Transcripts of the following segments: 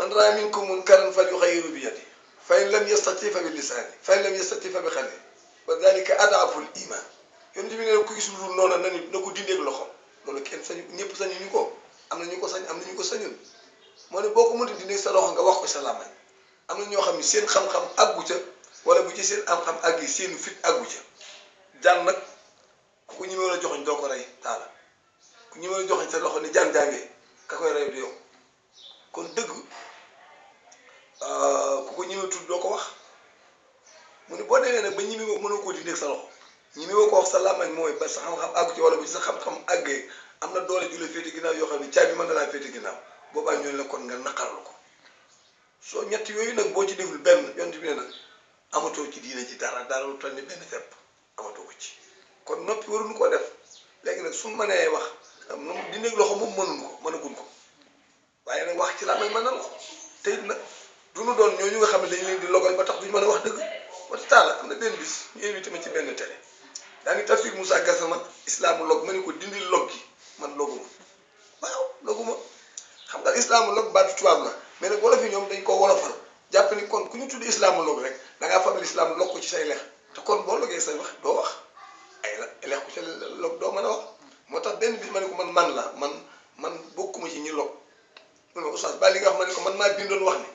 من رأى منكم منكرا فليغير بيده فإن لم يستطيع فباللسانه فإن لم يستطيع فبخلقه وذلك أضعف الإيمان يوندي من لو كيسول نونا ناني نكو دي ديك لوخم مول كين ساني نيب ساني نيكو امنا نيكو ساني امنا نيكو ساني مول بوكو مونتي دي ديك سا لوخم غا واخو سلام امنا ньо خامي سين خام خام اغوتا ولا بو جي سين ام خام اغي سين فيت اغوتا جان نك كو نيمي ولا جوخني دوكو راي تالا كو نيمي ولا جوخني سا لوخو ني جان جانغي كاكوي راي ديو كون دغ ñemee tudd ko wax mu ne boo demee nag ba ñemee ko mënoo koo di dégg sa loxo ko wax sa làmmañ mooy ba sa xam-xam àggu ci wala bu sa xam-xam am na doole ju la féete ginnaaw yoo xam ne caabi mën na laa féete ginnaaw boobaa ñu ne la nga naqarlu ko soo ñett yooyu nag boo ci deful benn yont bi ne nag amatoo ci diine ci dara dara lu toll ni benn fepp amatoo ko ci kon noppi waruñu koo def léegi nag suñu mënee wax di loxo moom mënuñu ko mënaguñ ko waaye wax ci làmmañ man na la ko te nag dul doon ñooñu nga xam ne dañ leen di logal ba na duñ mën a wax dëgg wata taala am na benn bis ñu invité ma ci benn télé daa ngi tafsir Moussa Gassama islaamu log ma ne ko dindil log gi man loguma waaw loguma xam nga islaamu log baatu tubaab la mais nag wolof yi ñoom ko jàpp ni kon ku ñu tudd islaamu log rek da ngaa fagal islaam log ko ci say lex te kon boo logee say wax doo wax ay la lex ko ci log doo mën a wax moo tax benn bis ma ne ko man man la man man bokkuma ci ñi log mu ne li nga xam ma ne ko man maa bindoon wax ne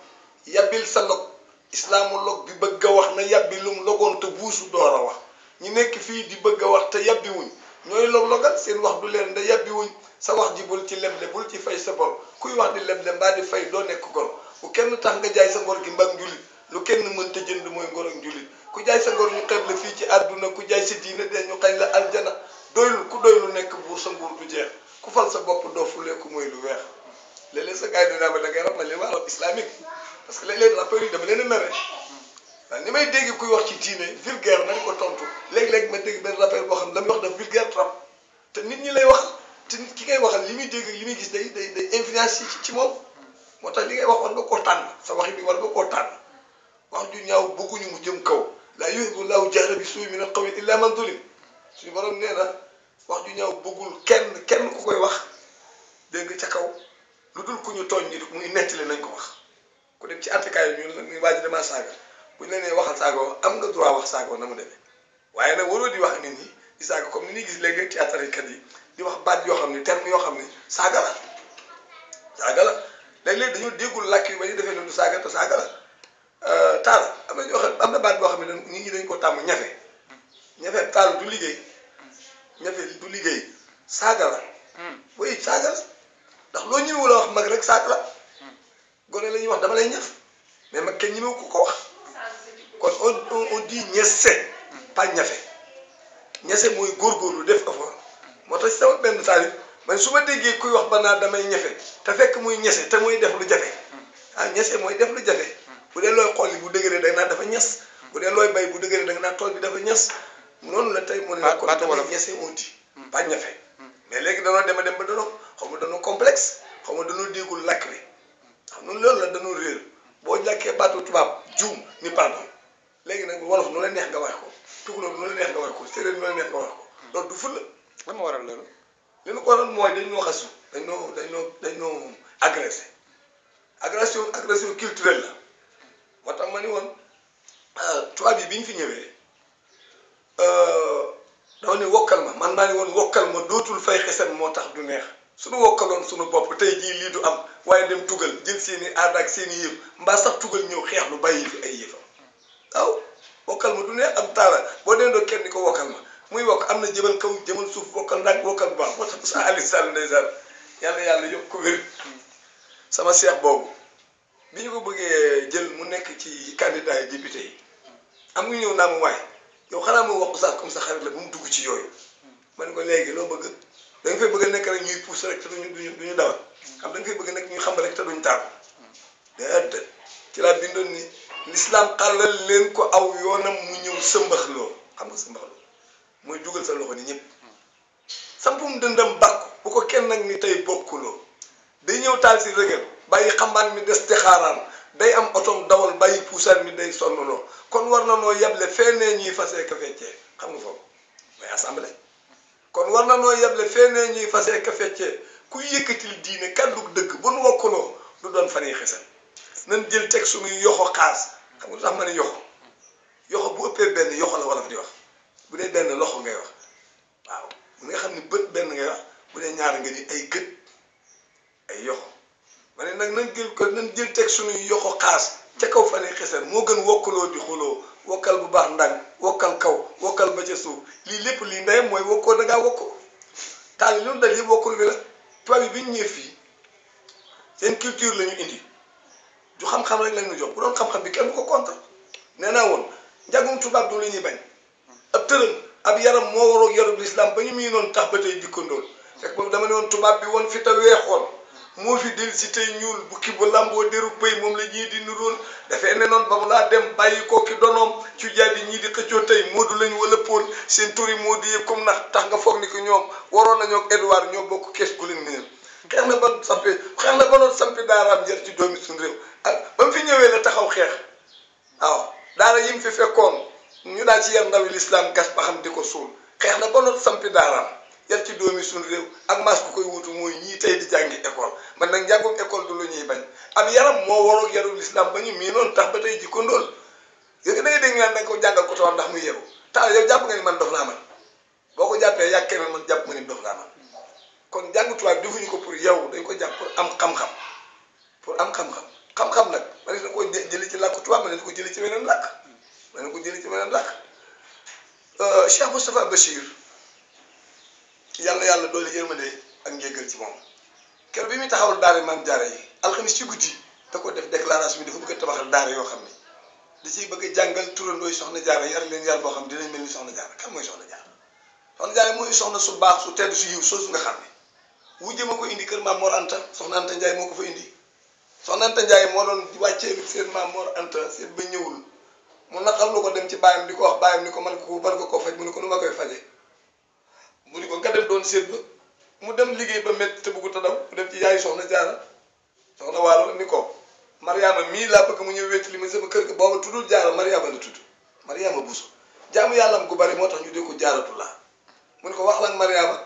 yabbil sa log islaamu log bi bëgg a wax na yàbbi yabbi lum logoon te buusu door a wax ñu nekk fii di bëgg a wax te yabbi wuñ ñooy log logal seen wax du leen da yabbi sa wax ji bul ci leble bul ci fay sa bor kuy wax di leble mbaa di fay doo nekk gor bu kenn tax nga jaay sa ngor gi mbag njullit lu kenn mënta jënd mooy ngor ak njullit ku jaay sa gor ñu xeeb la fii ci àdduna ku jaay sa diine de ñu xañ la aljana doylu ku doylu nekk buur sa nguur du jeex ku fal sa bopp doo fulee ku mooy lu weex léeg-léeg sa gars yi dinaa ma da ngay rab ma leen waa rab islamique parce que léeg-léeg rappeurs yi dama leen a mere waaw ni may dégg kuy wax ci diine vulgaire nañ ko tontu léeg-léeg ma dégg benn rappeur boo xam la muy wax daf vulgaire trop te nit ñi lay wax te ki ngay waxal li muy dégg li muy gis day day day influence ci ci moom moo tax li ngay wax war nga koo tànn sa wax bi war nga koo tànn wax ju ñaaw bëgguñu mu jëm kaw laa yuhibbu llaahu jahra bi suu'i mina l-qawli illaa man zulim suñu borom nee na wax ju ñaaw bëggul kenn kenn ku koy wax dégg nga ca kaw lu dul ku ñu tooñ ñu muy nettali nañ ko wax ku dem ci attikaay yi ñu ne waa ji damaa saaga bu ñu la nee waxal saagoo am nga droit wax saagoo na mu demee waaye nag waroo di wax nit ñi di saaga comme ni ñuy gis léeg-léeg ci attarikat yi di wax baat yoo xam ne terme yoo xam ne saaga la saaga la dañ leen dañoo déggul lakk yi ba ñu defee ne du saaga te saaga la euh, taal am na ñoo xam am na baat boo xam ne nit ñi dañ koo tàmm ñafe ñafe taal du liggéey ñafe du liggéey saaga la hmm. oui saaga la ndax loo ñëwee la wax mag rek saak la gone la ñuy wax dama lay mais mag kenn ñëwee ku ko wax kon on on dit ñese pas ñafe ñese mooy góorgóorlu def ko effort moo tax sama benn taalib man su ma déggee kuy wax ba naa damay ñafe te fekk muy ñase te muy def lu jafe ah ñese mooy def lu jafe bu dee looy xool yi bu dëgëree da naa dafa ñes bu dee looy bay bu dëgëree da nga naan tool bi dafa ñes noonu la tey moo naa la kon damay ñese on dit mais léegi danoo dem a dem ba danoo xam nga danoo complexe xam nga danoo déggul làkk bi xam nga loolu la danoo réer boo làkkee baatu tubaab juum ni pardon léegi nag wolof nu la neex nga wax ko tukulóor nu la neex nga wax ko séeréer nu la neex nga wax ko loolu du fulla la ma waral loolu li ñu ko waral mooy dañ ñoo xasu dañ ñoo dañ ñoo dañ ñoo agressé agression agression culturelle la moo tax ma ni woon euh, tubaab yi bi ñu fi ñëwee euh, dama wokkal ma man maa ne woon wokkal ma dootul fay xesen moo tax du neex suñu wokkaloon suñu bopp tey jii lii du am waaye dem tugal jël seeni aada ak seeni yëf mbaa sax tugal ñëw xeex lu bàyyi fi ay yëfam wokkal ma du neex am taala boo deen doo kenn di ko wokkal ma muy wokk am na jëmal kaw jëmal suuf wokkal ndaag wokkal bu baax moo tax sa ali sall ndeysaan yàlla yàlla yokk ko wér sama seex boobu bi ñu ko bëggee jël mu nekk ci candidat yi député am yow xanaa moo wax sax comme sa xarit la bu mu dugg ci yooyu man ko léegi loo bëgg da nga bëgg a nekk rek ñuy pousse rek te duñu duñu duñu dawal xam da nga koy bëgg nekk ñuy xam rek te duñu taal déedéet ci laa bindoon ni l'islam xàllal leen ko aw yoonam mu ñëw sëmbax loo xam nga sëmbax mooy dugal sa loxo ni ñëpp sampum dëndam bàkku bu ko kenn nag ni tey bokkuloo day ñëw taal si rëgal bàyyi xambaan mi des te xaaraan day am otoom dawal bàyyi puusaan mi day sonn loo kon war na noo yeble fenee ñuy fasee ka feccee xam nga foofu mooy assemblée kon war na noo yeble fenee ñuy fasee ka feccee kuy yëkkatil diine kàddu dëkk bu nu wokkuloo du doon fan yi xesal nan jël teg suñuy yoxo xaas xam nga lu tax yoxo yoxo bu ëppee benn yoxo la wala fa di wax bu dee benn loxo ngay wax waaw mu nga xam ni bët benn ngay wax bu dee ñaar nga ni ay gët ay yoxo ma ne nag nañ jël ko nañ jël teg suñuy yokko xaas ca kaw fane xesar moo gën wokkaloo di xuloo wokkal bu baax ndànk wokkal kaw wokkal ba ca suuf lii lépp lii ndeyam mooy wokkoo da ngaa wokkoo taal yi loolu dal yëpp wokkul bi la tubaab yi bi ñu ñëw fii seen culture la ñu indi du xam-xam rek lañ ñu jox bu doon xam-xam bi kenn du ko contre nee naa woon njàngum tubaab du lu ñuy bañ ab tërëm ab yaram moo waroog yaram lislaam ba ñu muy noonu tax ba tey dikkandool fekk boobu dama ne woon tubaab bi woon fi te weexoon moo fi del si tey ñuul bukki bu lamboo deru pëy moom la ñii di nuroon dafay ne noonu ba mu laa dem bàyyi kooki donoom cu jaabi ñii di xëccoo tey moodu lañu wala pool seen turi moodu yëpp comme nax tax nga foog ni ko ñoom waroon nañoo ak Edouard ñoo bokk kees gu leen néer xeex na ba sampi xeex na ba noonu sampi daaraam jër ci doomi suñu réew ak ba fi ñëwee la taxaw xeex waaw daara yi mu fi fekkoon ñu daal ci yar ndawi lislaam gas ba xam di ko suul xeex na ba sampi daaraam yar ci doomi suñu réew ak mas ku koy wutu mooy ñii tey di jàngi école man nag njàngum école du lu ñuy bañ ab yaram moo waroog yarum lislaam ba ñu miinoon tax ba tey jikko ndóol yooyu da ngay dégg naan da nga ko jàngal ko tawam ndax muy yeru ta yow jàpp nga ni man dof laa man boo ko jàppee yàgg keneen man jàpp nga ni dof laa man kon jàng tubaab defuñu ko pour yow dañ ko jàpp am xam pour am xam-xam xam-xam nag ko jëli ci làkku tubaab man na ko jëli ci weneen làkk man na ko jëli ci weneen làkk euh, Cheikh Moustapha Bachir yàlla yàlla doole yërmande ak njéggal ci moom keroog bi muy taxawal daara maam jaare yi alxamis ci guddi da ko def déclaration bi dafa bëgg a tabaxal daara yoo xam ne da ciy bëgg a jàngal turandooy soxna jaara yar leen yar boo xam ne dinañ mel ni soxna jaara kan mooy soxna jaara soxna jaara mooy soxna su baax su tedd su yiw soosu nga xam ne wu jëm ko indi kër maam Mor Anta soxna Anta Ndiaye moo ko fa indi soxna Anta Ndiaye moo doon wàccee seen maam Mor Anta seen ba ñëwul mu naqar lu ko dem ci bàyyam di ko wax bàyyam ni ko man ko ban ko koo faj mu ne ko nu ma koy faje mu ni ko nga doon seet ba mu dem liggéey ba métti te bëggu ta daw mu dem ci yaay soxna jaara soxna waalo ni ko mariama mii laa bëgg mu ñëw li ma sama kër ga booba tuddul jaara mariama la tudd mariama buso jaamu yàllam gu bari moo tax ñu dee ko jaaratulaa mu ne ko wax lan mariama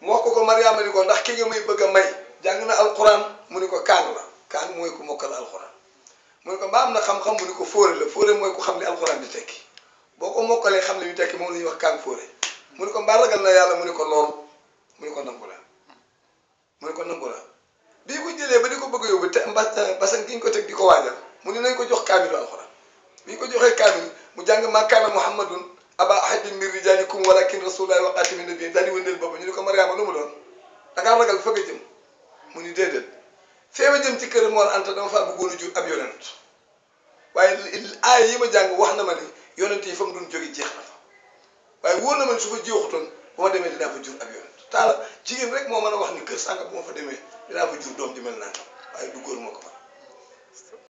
mu wax ko ko mariama ni ko ndax ki nga may bëgg a may jàng na alquran mu ne ko kaan la kaan mooy ko mokkal alquran mu ne ko am na xam-xam mu ne ko fóore la fóore mooy ko xam li alquran di tekki boo ko mokkalee xam li ñu tekki moom la ñuy wax kaan fóore ne ko mbaa na yàlla mu ne ko loolu mu ne ko nangu la mu ne ko nangu la bii ko jëlee ba di ko bëgg a yóbbu te basan gi ñu ko teg di ko waajal mu nu nañ ko jox kaamilu alxuraan bi ñu ko joxee kaamil mu jàng maa kaana muhammadun aba ahadin min rijaalikum walakin rasulullahi wa xaatimin nabiyyiin daal di wëndeel boppam ñu ne ko mariama lu mu doon da ngaa ragal fëgg a mu ni déedéet fee ma jëm ci kër Mor Anta dama faa bëggoon a jur ab yonent waaye aay yi ma jàng wax na ma ni yonent yi fa mu doon jóge jeex na fa waaye wóor na ma ni su fa jiwaxutoon boo ma demee dinaa fa jur ab yonent taala jigéen rek moo man a wax ni kër sànq boo fa demee dinaa fa jur doom ji mel nangam waaye du góor moo ko man